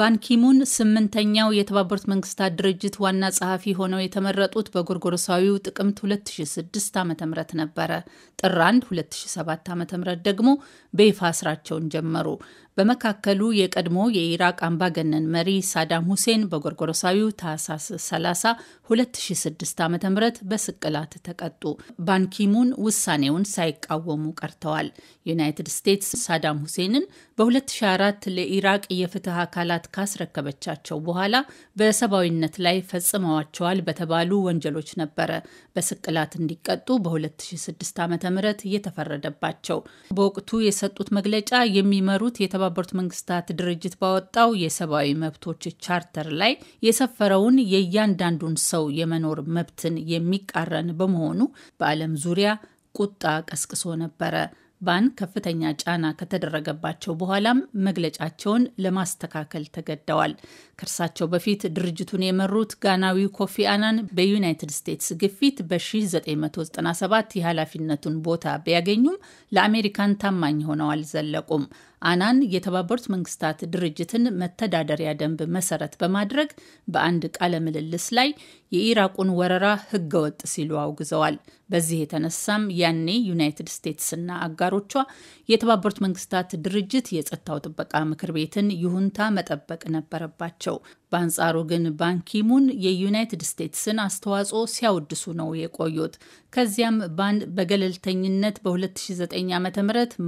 ባንኪሙን ስምንተኛው የተባበሩት መንግስታት ድርጅት ዋና ጸሐፊ ሆነው የተመረጡት በጎርጎርሳዊው ጥቅምት 2006 ዓ ም ነበረ። ጥር 1 2007 ዓ ም ደግሞ በይፋ ስራቸውን ጀመሩ። በመካከሉ የቀድሞ የኢራቅ አምባገነን መሪ ሳዳም ሁሴን በጎርጎሮሳዊው ታህሳስ 30 2006 ዓ ም በስቅላት ተቀጡ። ባንኪሙን ውሳኔውን ሳይቃወሙ ቀርተዋል። ዩናይትድ ስቴትስ ሳዳም ሁሴንን በ2004 ለኢራቅ የፍትህ አካላት ካስረከበቻቸው በኋላ በሰብአዊነት ላይ ፈጽመዋቸዋል በተባሉ ወንጀሎች ነበረ በስቅላት እንዲቀጡ በ2006 ዓ ም የተፈረደባቸው። በወቅቱ የሰጡት መግለጫ የሚመሩት የተባ የተባበሩት መንግስታት ድርጅት ባወጣው የሰብአዊ መብቶች ቻርተር ላይ የሰፈረውን የእያንዳንዱን ሰው የመኖር መብትን የሚቃረን በመሆኑ በዓለም ዙሪያ ቁጣ ቀስቅሶ ነበረ። ባን ከፍተኛ ጫና ከተደረገባቸው በኋላም መግለጫቸውን ለማስተካከል ተገደዋል። ከእርሳቸው በፊት ድርጅቱን የመሩት ጋናዊው ኮፊ አናን በዩናይትድ ስቴትስ ግፊት በ1997 የኃላፊነቱን ቦታ ቢያገኙም ለአሜሪካን ታማኝ ሆነው አልዘለቁም። አናን የተባበሩት መንግስታት ድርጅትን መተዳደሪያ ደንብ መሰረት በማድረግ በአንድ ቃለ ምልልስ ላይ የኢራቁን ወረራ ህገወጥ ሲሉ አውግዘዋል። በዚህ የተነሳም ያኔ ዩናይትድ ስቴትስና አጋ አጋሮቿ የተባበሩት መንግስታት ድርጅት የጸጥታው ጥበቃ ምክር ቤትን ይሁንታ መጠበቅ ነበረባቸው። በአንጻሩ ግን ባንኪሙን የዩናይትድ ስቴትስን አስተዋጽኦ ሲያወድሱ ነው የቆዩት። ከዚያም ባንድ በገለልተኝነት በ2009 ዓ ም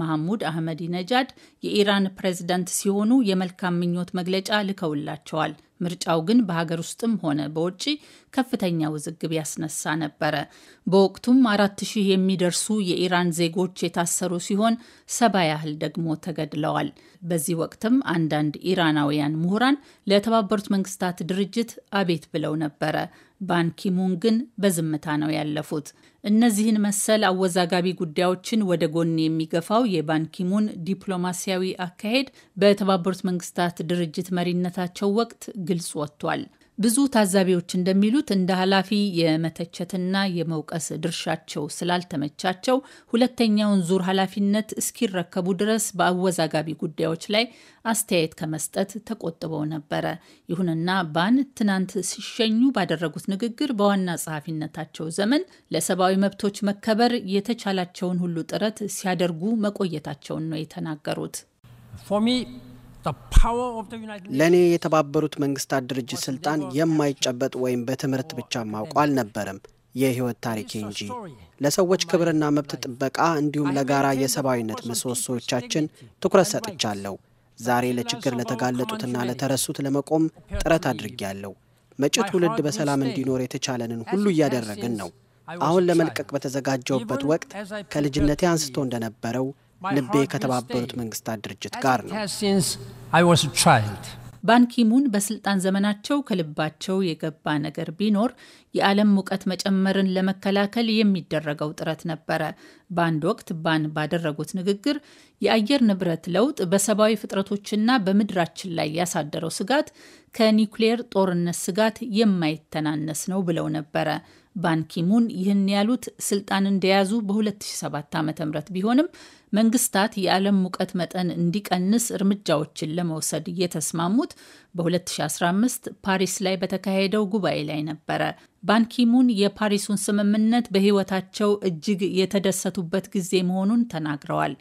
መሐሙድ አህመዲ ነጃድ የኢራን ፕሬዝዳንት ሲሆኑ የመልካም ምኞት መግለጫ ልከውላቸዋል። ምርጫው ግን በሀገር ውስጥም ሆነ በውጭ ከፍተኛ ውዝግብ ያስነሳ ነበረ። በወቅቱም አራት ሺህ የሚደርሱ የኢራን ዜጎች የታሰሩ ሲሆን ሰባ ያህል ደግሞ ተገድለዋል። በዚህ ወቅትም አንዳንድ ኢራናውያን ምሁራን ለተባበሩት መንግስታት ድርጅት አቤት ብለው ነበረ። ባንኪሙን ግን በዝምታ ነው ያለፉት። እነዚህን መሰል አወዛጋቢ ጉዳዮችን ወደ ጎን የሚገፋው የባንኪሙን ዲፕሎማሲያዊ አካሄድ በተባበሩት መንግስታት ድርጅት መሪነታቸው ወቅት ግልጽ ወጥቷል። ብዙ ታዛቢዎች እንደሚሉት እንደ ኃላፊ የመተቸትና የመውቀስ ድርሻቸው ስላልተመቻቸው ሁለተኛውን ዙር ኃላፊነት እስኪረከቡ ድረስ በአወዛጋቢ ጉዳዮች ላይ አስተያየት ከመስጠት ተቆጥበው ነበረ። ይሁንና ባን ትናንት ሲሸኙ ባደረጉት ንግግር በዋና ጸሐፊነታቸው ዘመን ለሰብአዊ መብቶች መከበር የተቻላቸውን ሁሉ ጥረት ሲያደርጉ መቆየታቸውን ነው የተናገሩት። ለእኔ የተባበሩት መንግስታት ድርጅት ስልጣን የማይጨበጥ ወይም በትምህርት ብቻ ማውቀው አልነበረም የህይወት ታሪኬ እንጂ ለሰዎች ክብርና መብት ጥበቃ እንዲሁም ለጋራ የሰብአዊነት ምሰሶዎቻችን ትኩረት ሰጥቻለሁ። ዛሬ ለችግር ለተጋለጡትና ለተረሱት ለመቆም ጥረት አድርጌያለሁ። መጪ ትውልድ በሰላም እንዲኖር የተቻለንን ሁሉ እያደረግን ነው። አሁን ለመልቀቅ በተዘጋጀውበት ወቅት ከልጅነቴ አንስቶ እንደነበረው ልቤ ከተባበሩት መንግስታት ድርጅት ጋር ነው። ባንኪሙን በስልጣን ዘመናቸው ከልባቸው የገባ ነገር ቢኖር የዓለም ሙቀት መጨመርን ለመከላከል የሚደረገው ጥረት ነበረ። በአንድ ወቅት ባን ባደረጉት ንግግር የአየር ንብረት ለውጥ በሰብአዊ ፍጥረቶችና በምድራችን ላይ ያሳደረው ስጋት ከኒውክሌር ጦርነት ስጋት የማይተናነስ ነው ብለው ነበረ። ባንኪሙን ይህን ያሉት ስልጣን እንደያዙ በ2007 ዓ ም ቢሆንም መንግስታት የዓለም ሙቀት መጠን እንዲቀንስ እርምጃዎችን ለመውሰድ እየተስማሙት በ2015 ፓሪስ ላይ በተካሄደው ጉባኤ ላይ ነበረ። ባንኪሙን የፓሪሱን ስምምነት በህይወታቸው እጅግ የተደሰቱበት ጊዜ መሆኑን ተናግረዋል።